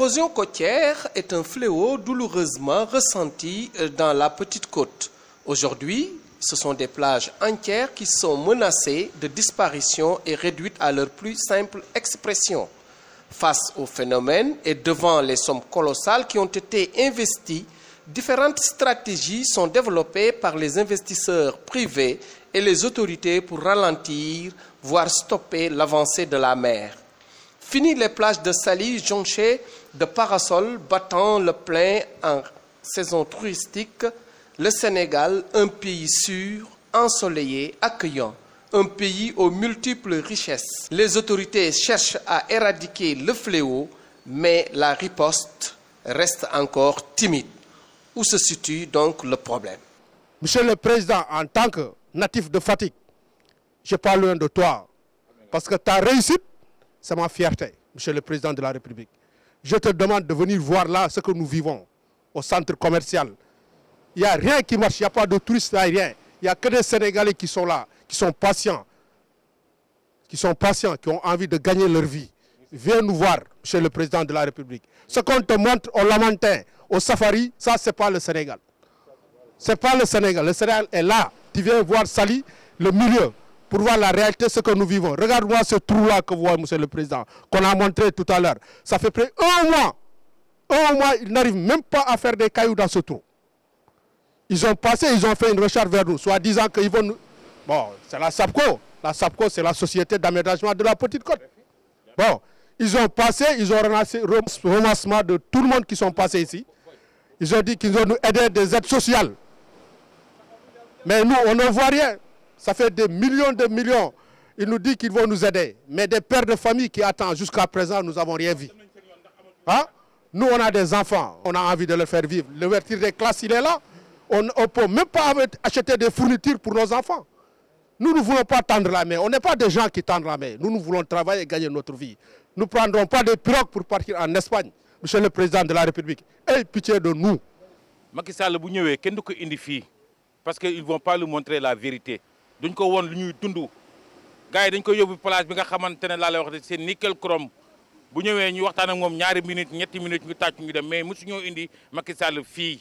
L'érosion côtière est un fléau douloureusement ressenti euh, dans la petite côte. Aujourd'hui, ce sont des plages entières qui sont menacées de disparition et réduites à leur plus simple expression. Face au phénomène et devant les sommes colossales qui ont été investies, différentes stratégies sont développées par les investisseurs privés et les autorités pour ralentir, voire stopper l'avancée de la mer. Fini les plages de Sali jonchées de parasols battant le plein en saison touristique, le Sénégal, un pays sûr, ensoleillé, accueillant, un pays aux multiples richesses. Les autorités cherchent à éradiquer le fléau, mais la riposte reste encore timide. Où se situe donc le problème Monsieur le Président, en tant que natif de Fatigue, je parle loin de toi, parce que tu as réussi c'est ma fierté, Monsieur le Président de la République. Je te demande de venir voir là ce que nous vivons, au centre commercial. Il n'y a rien qui marche, il n'y a pas de touristes, il rien. Il n'y a que des Sénégalais qui sont là, qui sont patients, qui sont patients, qui ont envie de gagner leur vie. Viens nous voir, M. le Président de la République. Ce qu'on te montre au Lamentin, au Safari, ça, c'est pas le Sénégal. C'est pas le Sénégal. Le Sénégal est là. Tu viens voir Sali, le milieu, pour voir la réalité ce que nous vivons. Regarde-moi ce trou-là que vous voyez, Monsieur le Président, qu'on a montré tout à l'heure. Ça fait près d'un mois. Un mois, ils n'arrivent même pas à faire des cailloux dans ce trou. Ils ont passé, ils ont fait une recherche vers nous, soit disant qu'ils vont nous... Bon, c'est la SAPCO. La SAPCO, c'est la Société d'aménagement de la Petite Côte. Bon, ils ont passé, ils ont ramassé renoncement de tout le monde qui sont passés ici. Ils ont dit qu'ils ont nous aider des aides sociales. Mais nous, on ne voit rien. Ça fait des millions de millions. Il nous dit qu'ils vont nous aider. Mais des pères de famille qui attendent jusqu'à présent, nous n'avons rien vu. Hein? Nous, on a des enfants. On a envie de les faire vivre. Le vertir des classes, il est là. On ne peut même pas acheter des fournitures pour nos enfants. Nous ne voulons pas tendre la main. On n'est pas des gens qui tendent la main. Nous, nous voulons travailler et gagner notre vie. Nous ne prendrons pas de pirogues pour partir en Espagne. Monsieur le Président de la République, ayez pitié de nous. Macky Sall quest kenn parce qu'ils ne vont pas nous montrer la vérité duñ ko woon lu ñuy dundu gars yi dañ ko yóbbu place bi nga xamante ne laa lay wax de c'est nickel chrome bu ñëwee ñu waxtaan ak moom ñaari minutes ñetti minutes ñu tàcc ñu dem mais mosuñoo indi Macky Sall fii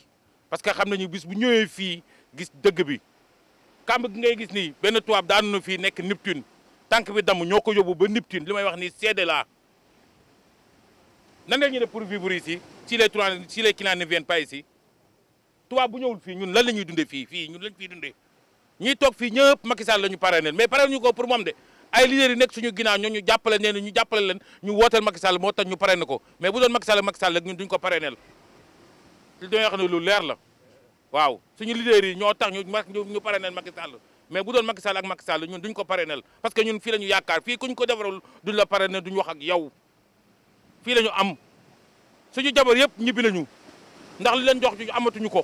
parce que xam nañu bis bu ñëwee fii gis dëgg bi kàmb gi ngay gis ni benn tuwaab daanu na fii nekk Neptune tànk bi damm ñoo ko yóbbu ba Neptune li may wax nii seede la nan la ñuy def pour vivre ici si les trois si les clients ne viennent pas si tubaab bu ñëwul fii ñun lan la ñuy dundee fii fii ñun lañ fiy dundee ñi tok fi ñepp Macky Sall lañu ñu mais parrainé ñu ko pour mom de ay leader yi nek suñu ginaa ñoo ñu jappalé né ñu jappalé leen ñu wotal Macky Sall mo tax ñu parrainé ko mais bu doon Macky Sall Macky Sall rek ñun duñ ko parrainé li do wax ne lu leer la waaw suñu leader yi ñoo tax ñu ñu parrainé Macky Sall mais bu doon Macky Sall ak Macky Sall ñun duñ ko parrainé parce que ñun fi lañu yaakar fi kuñ ko defaral duñ la parrainé duñ wax ak yow fi lañu am suñu jabar yépp ñibi lañu ndax li leen jox ju amatuñu ko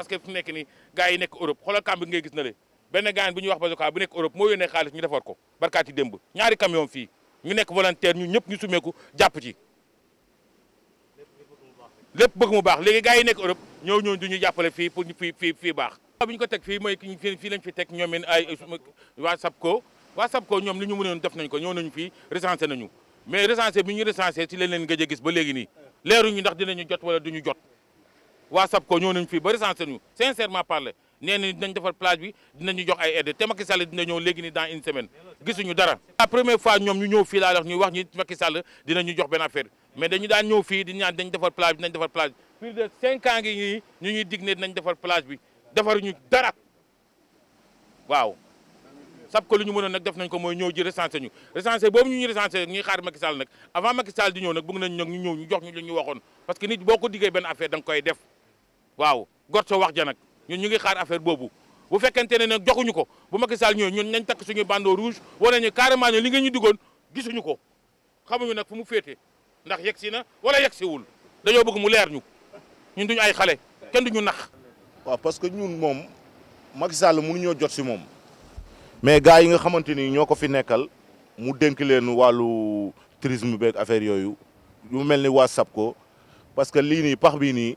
parce que fu nekk ni gars yi nekk Europe xoolal kàmb bi ngay gis na le benn gars bu ñuy wax Bazoka bu nekk Europe moo yónnee xaalis ñu defar ko barkaati démb ñaari camion fii ñu nekk volontaire ñu ñu lépp bëgg mu baax léegi gars yi nekk Europe ñëw ñëw du ñu jàppale fii pour fii fii fii baax bu ñu ko teg fi mooy fii lañ fi teg ñoom meen ay waa SAPCO waa SAPCO ñoom li ñu mënoon def nañ ko ñëw nañu fii recensé nañu mais recensé bi ñu recensé ci lañ leen gëj a ba léegi nii leeruñu ndax dinañu jot wala duñu jot waa ko ñoo nañ fii ba recensé ñu sincèrement parler nee nañ dinañ defar plage bi dinañu jox ay aide te Macky Sall dina ñëw léegi ni dans une semaine gisuñu dara. la première fois ñoom ñu ñëw fii laa wax ñuy wax ñi Sall dinañu jox benn affaire mais dañu daan ñëw fii di ñaan dañ defar plage bi dinañ defar plage de cinq ans ngi nii ñu ñuy dig ne dinañ defar plage bi defaruñu dara waaw. SAPCO li ñu mënoon nag def nañ ko mooy ñëw ji recensé ñu recensé boobu ñu ñu recensé ñuy xaar Macky Sall nag avant Macky Sall di ñëw nag bëgg nañ ñu ñëw ñu jox ñu ñu waxoon parce que nit ko diggee benn affaire da nga koy def waaw gorto wax ja nag ñun ñu ngi xaar affaire boobu bu fekkente ne nag joxuñu ko bu Macky Sall ñu ñun nañ takk suñu bandeau rouge wane ñu carrément ne li nga ñu digoon gisuñu ko xamuñu nag fu mu féete ndax yegg si na wala yegg siwul dañoo bëgg mu leer ñu ñun duñu ay xale kenn duñu nax. waaw parce que ñun moom Macky Sall mënuñoo jot si moom. mais gars yi nga xamante ni ñoo ko fi nekkal mu dénk leen wàllu tourisme beeg affaire yooyu yu mel ni waa SAPCO parce que lii nii pax bii nii.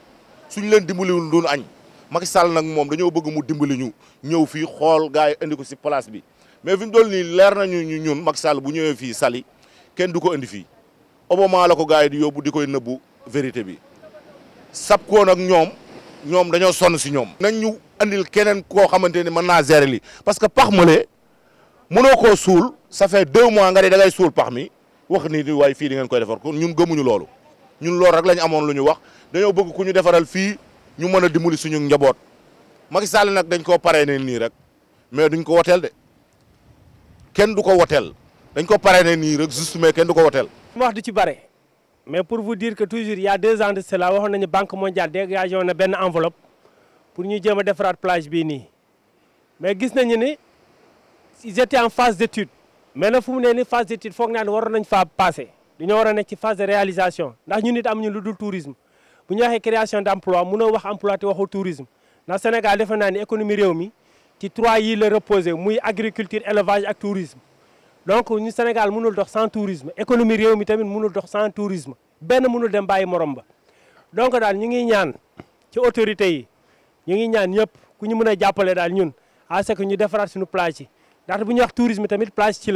suñ leen dimbaliwul doon añ Macky Sall nag moom dañoo bëgg mu dimbali ñu ñëw fii xool gars yi indi ko si place bi mais fi mu dool nii leer nañu ñu ñun Macky Sall bu ñëwee fii sali kenn du ko indi fii Obama la ko gars yi di yóbbu di koy nëbbu vérité bi sab ko nag ñoom ñoom dañoo sonn si ñoom. nañ ñu andil keneen koo xamante ni mën naa gérer li parce que pax ma mële mënoo koo suul ça fait deux mois nga ne da ngay suul pax mi wax ni waaye fii di ngeen koy defar kon ñun gëmuñu loolu. ñun loolu rek lañ amone luñu lu wax dañu bëgg ku ñu défaral fi ñu mëna a dimbali suñu njabot Macky Sall nak dañ ko paréné ni rek mais duñ ko wotel de kenn duko wotel dañ ko paréné ni rek juste mais kenn duko wotel woteel. wax du ci baré mais pour vous dire que toujours il y a deux ans de cela waxon nañu banque mondiale dégagé na ben enveloppe pour ñu jëma défarat plage bi ni mais gis nañu ni ils étaient en phase d'étude mais na fu mu né ni phase d'étude fokk na naa nañ fa passer Nous avons une phase de réalisation Nous avons nit tourisme bu avons création d'emplois, nous avons wax emploi de tourisme. tourisme le Sénégal nous avons une économie qui est ci trois yi agriculture élevage et tourisme donc au Sénégal mënul dox sans tourisme l'économie nous sans tourisme ne mënul donc nous avons autorités yi ñu ngi ñaan ñëpp ku ñu nous une daal ñun plage Nous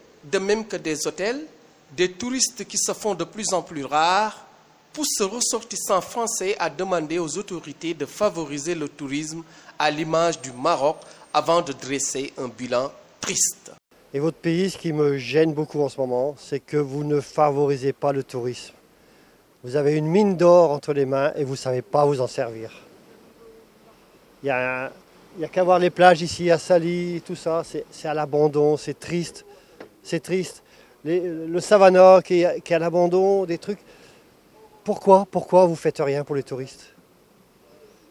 de même que des hôtels, des touristes qui se font de plus en plus rares, poussent ressortissants français à demander aux autorités de favoriser le tourisme à l'image du Maroc avant de dresser un bilan triste. Et votre pays, ce qui me gêne beaucoup en ce moment, c'est que vous ne favorisez pas le tourisme. Vous avez une mine d'or entre les mains et vous ne savez pas vous en servir. Il n'y a, a qu'à voir les plages ici à Sali, tout ça, c'est à l'abandon, c'est triste. C'est triste. le Savannah qui a l'abandon, des trucs. Pourquoi Pourquoi vous faites rien pour les touristes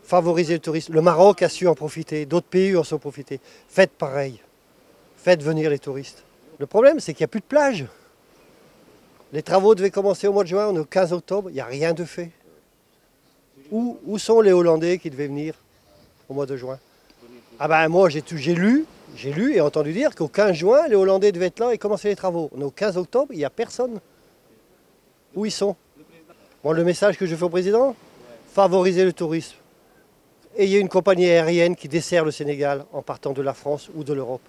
Favorisez le tourisme. Le Maroc a su en profiter, d'autres pays en sont profités Faites pareil. Faites venir les touristes. Le problème, c'est qu'il n'y a plus de plage. Les travaux devaient commencer au mois de juin, on est au 15 octobre, il n'y a rien de fait. Où, où sont les Hollandais qui devaient venir au mois de juin ah ben moi j'ai lu, j'ai lu et entendu dire qu'au 15 juin, les Hollandais devaient être là et commencer les travaux. On au 15 octobre, il n'y a personne. Où ils sont Bon, le message que je fais au président, favoriser le tourisme. Ayez une compagnie aérienne qui dessert le Sénégal en partant de la France ou de l'Europe.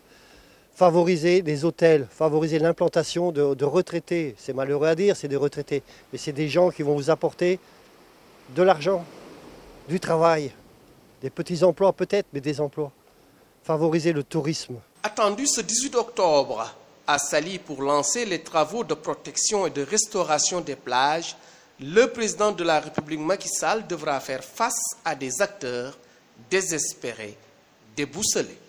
Favoriser des hôtels, favoriser l'implantation de, retraités. C'est malheureux à dire, c'est des retraités. Mais c'est des gens qui vont vous apporter de l'argent, du travail, des petits emplois peut-être, mais des emplois. Favoriser le tourisme. Attendu ce 18 octobre à Sali pour lancer les travaux de protection et de restauration des plages, le président de la République Macky Sall devra faire face à des acteurs désespérés, déboussolés.